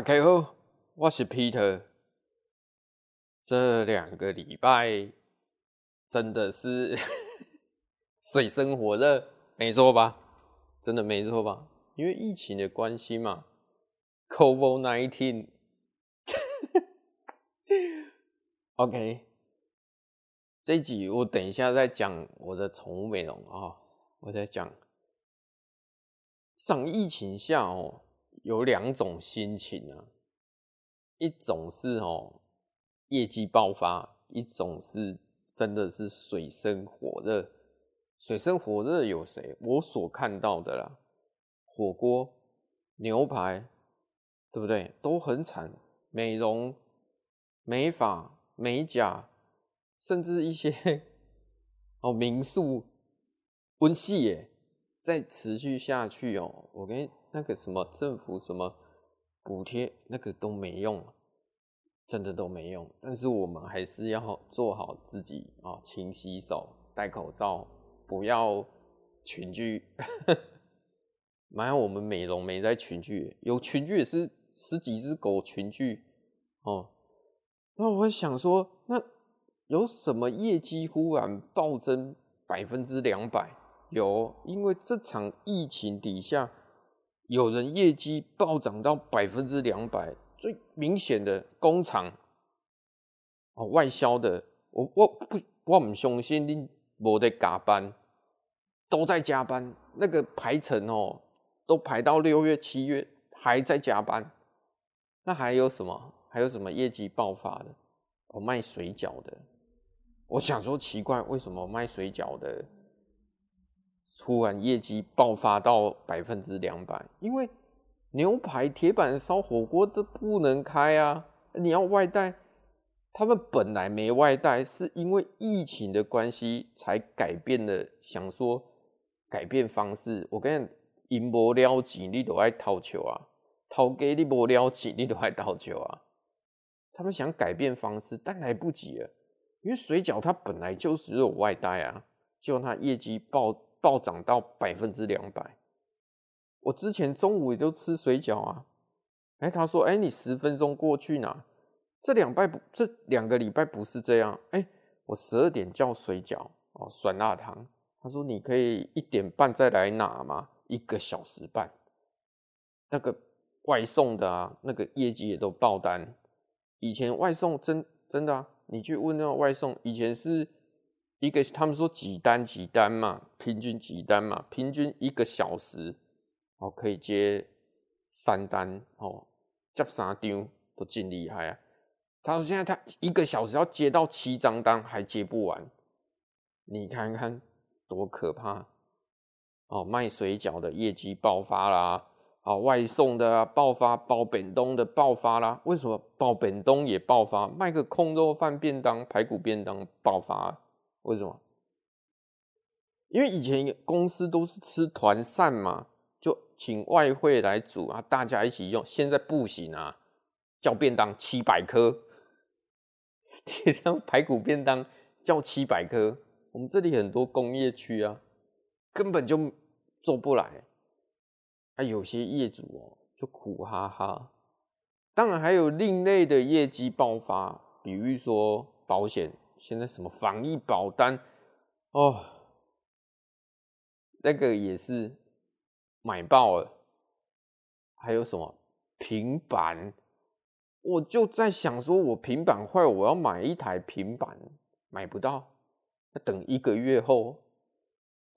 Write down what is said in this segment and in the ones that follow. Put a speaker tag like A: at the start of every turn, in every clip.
A: 大、OK、家好，我是 Peter。這兩個禮拜真的是水深火熱，沒錯吧？真的沒錯吧？因為疫情的關係嘛，COVID-19。 OK，這集我等一下再講我的寵物美容啊、喔，我在講上疫情下哦、喔。有兩種心情啊，一種是哦、喔、業績爆發，一種是真的是水深火熱。水深火熱有誰？我所看到的啦，火鍋、牛排，對不對？都很慘。美容、美髮、美甲，甚至一些 哦民宿、溫系耶，再持續下去哦、喔，我給你。那個什麼政府什麼補貼，那個都沒用，真的都沒用。但是我們還是要做好自己啊，勤、喔、洗手、戴口罩，不要群聚。還有我們美容沒在群聚，有群聚也是十幾隻狗群聚哦、喔。那我想說，那有什麼業績忽然暴增百分之兩百？有，因為這場疫情底下。有人業績暴漲到百分之兩百，最明顯的工廠哦，外銷的，我我不我不相信你沒在加班，都在加班，那個排程哦，都排到六月七月還在加班，那還有什麼？還有什麼業績爆發的？哦，賣水餃的，我想說奇怪，為什麼我賣水餃的？突然業績爆發到百分之兩百，因為牛排、鐵板燒、火鍋都不能開啊！你要外帶，他們本來沒外帶，是因為疫情的關係才改變了，想說改變方式。我跟你講，贏不了錢你都愛逃球啊，投給你沒了錢你都愛逃球啊！他們想改變方式，但來不及了，因為水餃它本來就只有外帶啊，就讓它業績爆。暴漲到百分之兩百，我之前中午也都吃水餃啊，哎，他說，哎，你十分鐘過去拿，這兩拜不這兩個禮拜不是這樣，哎，我十二點叫水餃哦，酸辣湯，他說你可以一點半再來拿嘛，一個小時半，那個外送的啊，那個業績也都爆單，以前外送真的真的啊，你去問那個外送，以前是。一個，他們說幾單幾單嘛，平均幾單嘛，平均一個小時哦可以接三單哦，接三丟不盡厲害啊。他說現在他一個小時要接到七張單還接不完，你看看多可怕哦！賣水餃的業績爆發啦，啊、哦，外送的啊爆發，包本東的爆發啦。為什麼爆本東也爆發？賣個控肉飯便當、排骨便當爆發、啊。為什麼？因為以前公司都是吃團膳嘛，就請外燴來煮啊，大家一起用。現在不行啊，叫便當七百顆，鐵腸排骨便當叫七百顆，我們這裡很多工業區啊，根本就做不來。啊，有些業主哦，就苦哈哈。當然還有另類的業績爆發，比如說保險。現在什麼防疫保單哦，那個也是買爆了。還有什麼平板？我就在想，說我平板壞，我要買一台平板，買不到，要等一個月後。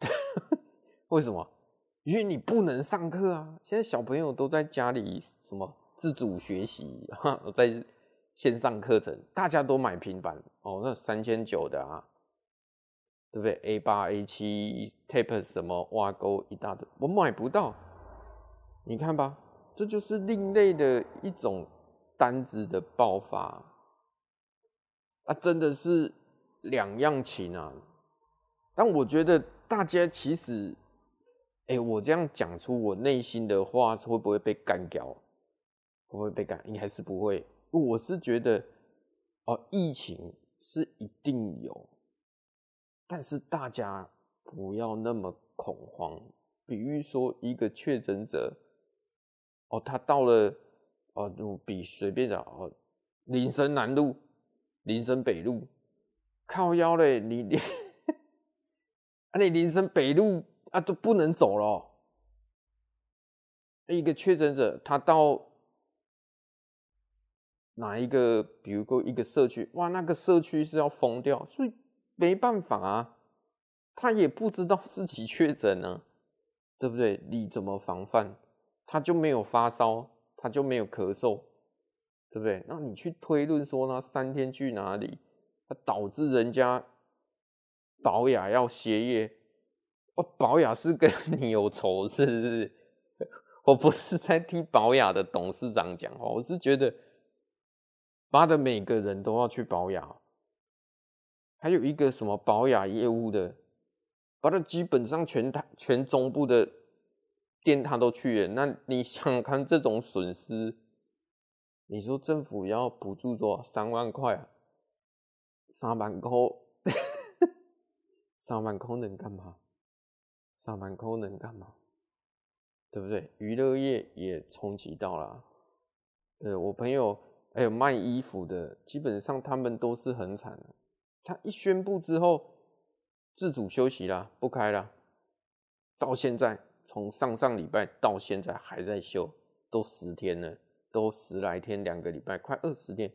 A: 為什麼？因為你不能上課啊！現在小朋友都在家裡什麼自主學習，哈，我在。線上課程，大家都買平板哦，那三千九的啊，對不對？A 八、A 七、Tape 什麼，挖溝一大堆，我買不到。你看吧，這就是另類的一種單子的爆發啊，真的是兩樣情啊。但我覺得大家其實，哎、欸，我這樣講出我內心的話，會不會被幹掉？會不會被幹？應該是不會。我是覺得，哦、呃，疫情是一定有，但是大家不要那麼恐慌。比喻說，一個確診者，哦、呃，他到了，哦、呃，比隨便講，哦，林、呃、森南路、林森北路，靠腰嘞，你你， 啊你，啊，你林森北路啊都不能走了。一個確診者，他到。哪一個，比如說一個社區，哇，那個社區是要封掉，所以沒辦法啊，他也不知道自己確診啊，對不對？你怎麼防範？他就沒有發燒，他就沒有咳嗽，對不對？那你去推論說那三天去哪裡，他導致人家寶雅要歇業，哦，寶雅是跟你有仇，是不是？我不是在替寶雅的董事長講話，我是覺得。把的每個人都要去保養，還有一個什麼保養業務的，把他基本上全台全中部的店他都去了。那你想看這種損失？你說政府要補助多少？三萬塊啊？三萬塊，三萬塊能幹嘛？三萬塊能幹嘛？對不對？娛樂業也衝擊到了。對，我朋友。還、欸、有賣衣服的，基本上他們都是很慘。他一宣布之後，自主休息啦，不開啦。到現在，從上上禮拜到現在還在休，都十天了，都十來天，兩個禮拜，快二十天，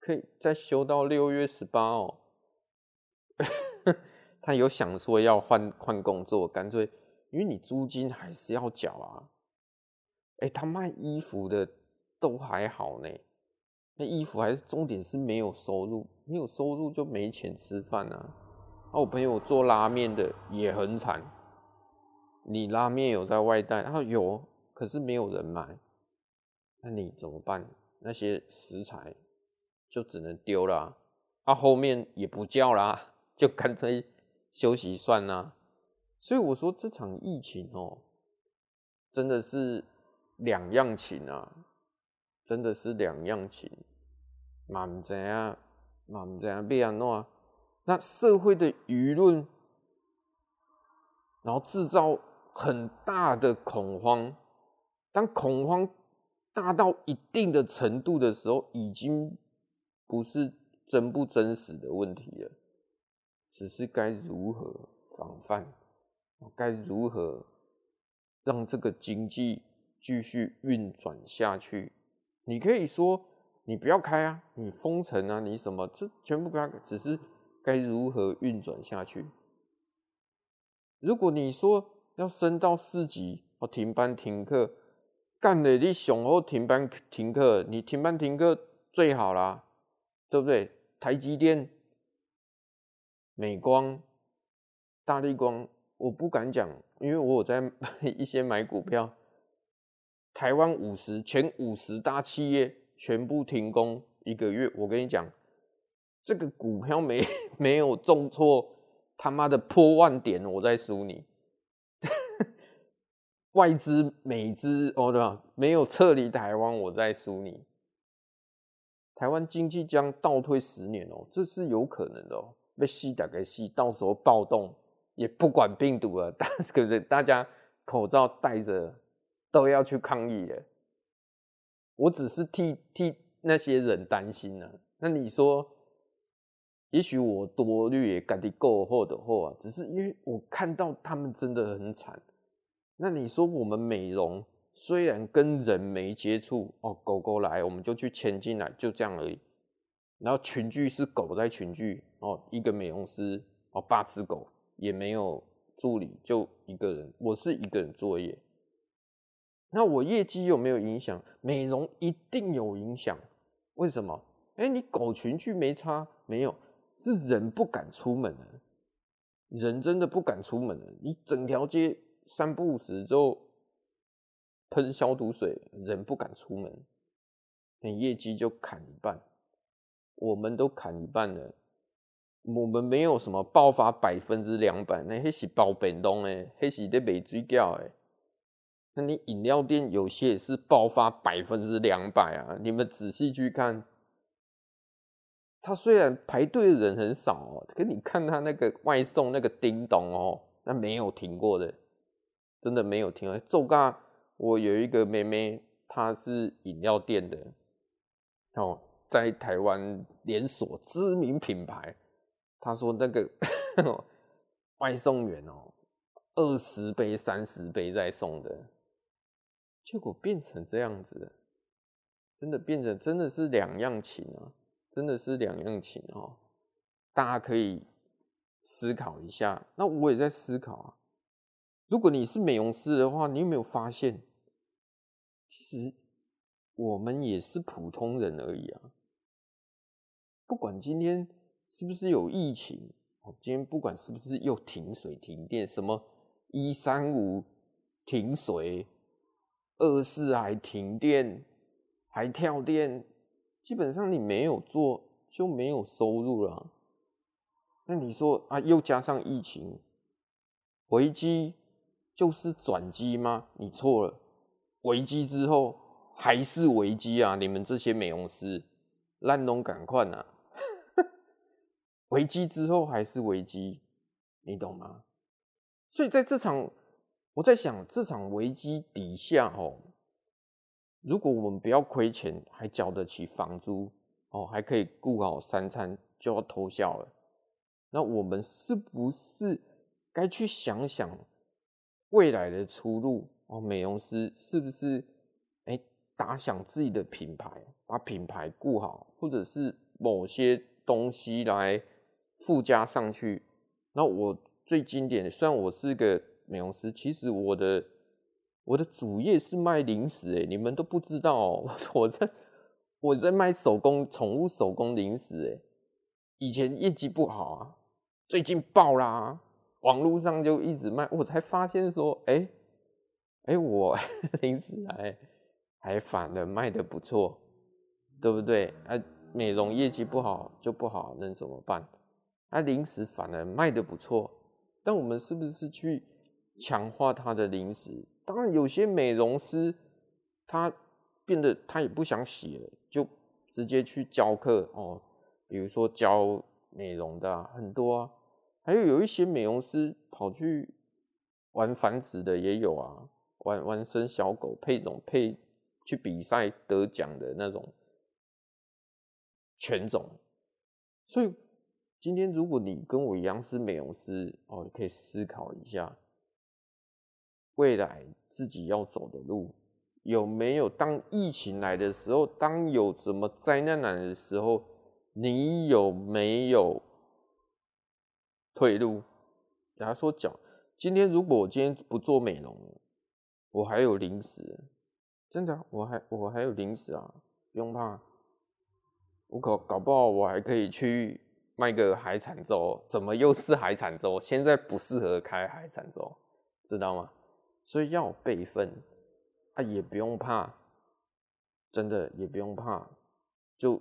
A: 可以再休到六月十八號哦。 他有想說要換換工作，乾脆，因為你租金還是要繳啊。哎、欸，他賣衣服的都還好呢。那衣服還是重點是沒有收入，沒有收入就沒錢吃飯啊！啊，我朋友做拉麵的也很慘，你拉麵有在外帶？他有，可是沒有人買，啊，那你怎麼辦？那些食材就只能丟了啊，啊！他後面也不叫啦，就乾脆休息算啦，啊。所以我說這場疫情哦，喔，真的是兩樣情啊。真的是兩樣情，蠻怎啊，蠻怎啊，不然那那社會的輿論，然後製造很大的恐慌。當恐慌大到一定的程度的時候，已經不是真不真實的問題了，只是該如何防範，該如何讓這個經濟繼續運轉下去。你可以說你不要開啊，你封城啊，你什麼，這全部該只是該如何運轉下去。如果你說要升到四級，我停班停課，幹了你熊好停班停課，你停班停課最好啦，對不對？台積電、美光、大立光，我不敢講，因為我有在一些買股票。台灣五十前五十大企業全部停工，一個月，我跟你講，這個股票沒沒有重挫，他媽的破萬點，我再輸你。 外資美資哦、喔、對吧？沒有撤離台灣，我再輸你。台灣經濟將倒退十年哦，這是有可能的。要死大家死，到時候暴動也不管病毒了，但是是？大家口罩戴着，都要去抗議了，我只是替替那些人擔心呢、啊。那你說，也許我多慮，趕緊夠厚的話啊。只是因為我看到他們真的很慘。那你說，我們美容雖然跟人沒接觸哦，狗狗來我們就去牽進來，就這樣而已。然後群聚是狗在群聚哦，一個美容師哦八隻狗，也沒有助理，就一個人，我是一個人作業。那我業績有沒有影響？美容一定有影響，為什麼？哎、欸,你狗群聚沒差？沒有，是人不敢出門。人真的不敢出門。你整條街三不五時就噴消毒水，人不敢出門，你、欸、業績就砍一半。我們都砍一半了，我們沒有什麼爆發百分之兩百，那還是爆本東哎，黑是得沒追繳哎。那你飲料店有些也是爆發百分之兩百啊！你們仔細去看，他雖然排隊的人很少哦、喔，可你看他那個外送那個叮咚哦、喔，那沒有停過的，真的沒有停啊！就嘎我有一個妹妹，她是飲料店的哦、喔，在台灣連鎖知名品牌，她說那個 外送員哦、喔，二十杯三十杯在送的。結果變成這樣子，真的變成真的是兩樣情啊！真的是兩樣情啊！大家可以思考一下。那我也在思考啊。如果你是美容師的話，你有沒有發現，其實我們也是普通人而已啊？不管今天是不是有疫情，今天不管是不是又停水停電，什麼一三五停水。二是還停電，還跳電，基本上你沒有做就沒有收入了啊。那你說啊，又加上疫情，危機就是轉機嗎？你錯了，危機之後還是危機啊！你們這些美容師，爛東趕快啊！ 危機之後還是危機，你懂嗎？所以在這場。我在想，這場危機底下，哦，如果我們不要虧錢，還繳得起房租，哦，還可以顧好三餐，就要偷笑了。那我們是不是該去想想未來的出路？哦，美容師是不是哎打響自己的品牌，把品牌顧好，或者是某些東西來附加上去？那我最經典的，雖然我是個。美容師，其實我的我的主業是賣零食哎、欸，你們都不知道、喔，我在我在賣手工寵物手工零食哎、欸，以前業績不好啊，最近爆啦，網絡上就一直賣，我才發現說，哎、欸、哎、欸、我零食還還反而賣得不錯，對不對？啊，美容業績不好就不好，那怎麼辦？啊，零食反而賣得不錯，但我們是不是去？強化他的零食，當然有些美容師他變得他也不想洗了，就直接去教課哦。比如說教美容的、啊、很多啊，還有有一些美容師跑去玩繁殖的也有啊，玩玩生小狗配種配去比賽得獎的那種犬種。所以今天如果你跟我一樣是美容師哦，你可以思考一下。未來自己要走的路，有沒有？當疫情來的時候，當有什麼災難來的時候，你有沒有退路？給他說，講今天如果我今天不做美容，我還有零食，真的、啊，我還我還有零食啊，不用怕。我搞搞不好我還可以去賣個海產粥，怎麼又是海產粥？現在不適合開海產粥，知道嗎？所以要備份，啊，也不用怕，真的也不用怕，就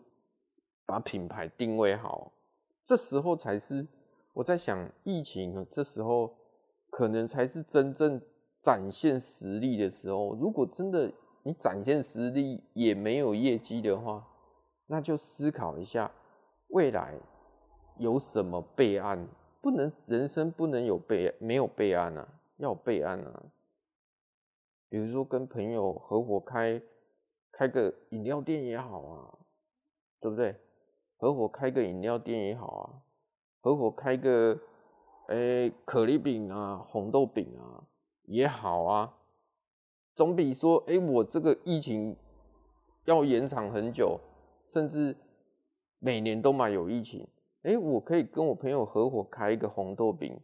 A: 把品牌定位好，這時候才是我在想疫情，這時候可能才是真正展現實力的時候。如果真的你展現實力也沒有業績的話，那就思考一下未來有什麼備案，不能人生不能有備沒有備案啊，要有備案啊。比如說跟朋友合夥開開個飲料店也好啊，對不對？合夥開個飲料店也好啊，合夥開個哎、欸、可麗餅啊、紅豆餅啊也好啊，總比說哎、欸、我這個疫情要延長很久，甚至每年都嘛有疫情，哎、欸、我可以跟我朋友合夥開一個紅豆餅。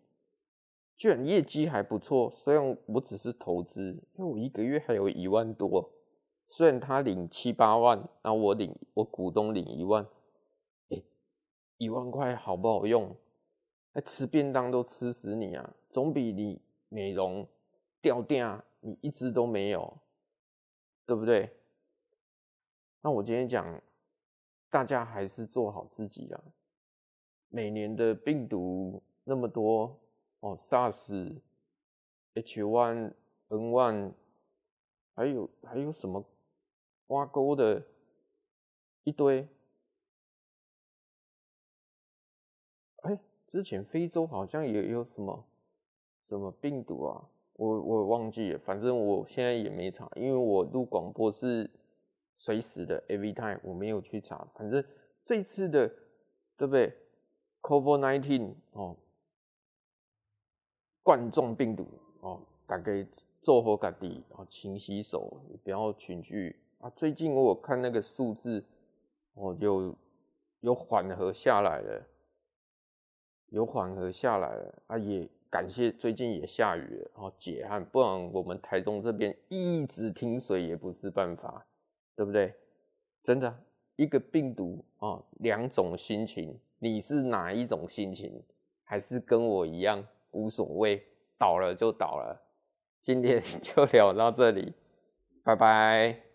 A: 居然業績還不錯，雖然我只是投資，因為我一個月還有一萬多，雖然他領七八萬，那我領，我股東領一萬，哎、欸，一萬塊好不好用？欸，吃便當都吃死你啊！總比你美容掉價啊，你一支都沒有，對不對？那我今天講，大家還是做好自己啊。每年的病毒那麼多。哦，SARS、H1N1，還有還有什麼挖溝的一堆、欸，哎，之前非洲好像也有什麼什麼病毒啊，我我忘記了，反正我現在也沒查，因為我錄廣播是隨時的，every time，我沒有去查。反正這次的對不對？COVID-19 哦。冠狀病毒哦，大家做好隔離哦，勤洗手，不要群聚啊。最近我有看那個數字哦，就有緩和下來了，有緩和下來了啊。也感謝最近也下雨了哦，解旱，不然我們台中這邊一直停水也不是辦法，對不對？真的一個病毒啊，哦，兩種心情，你是哪一種心情？還是跟我一樣？無所謂，倒了就倒了。今天就聊到這裡，拜拜。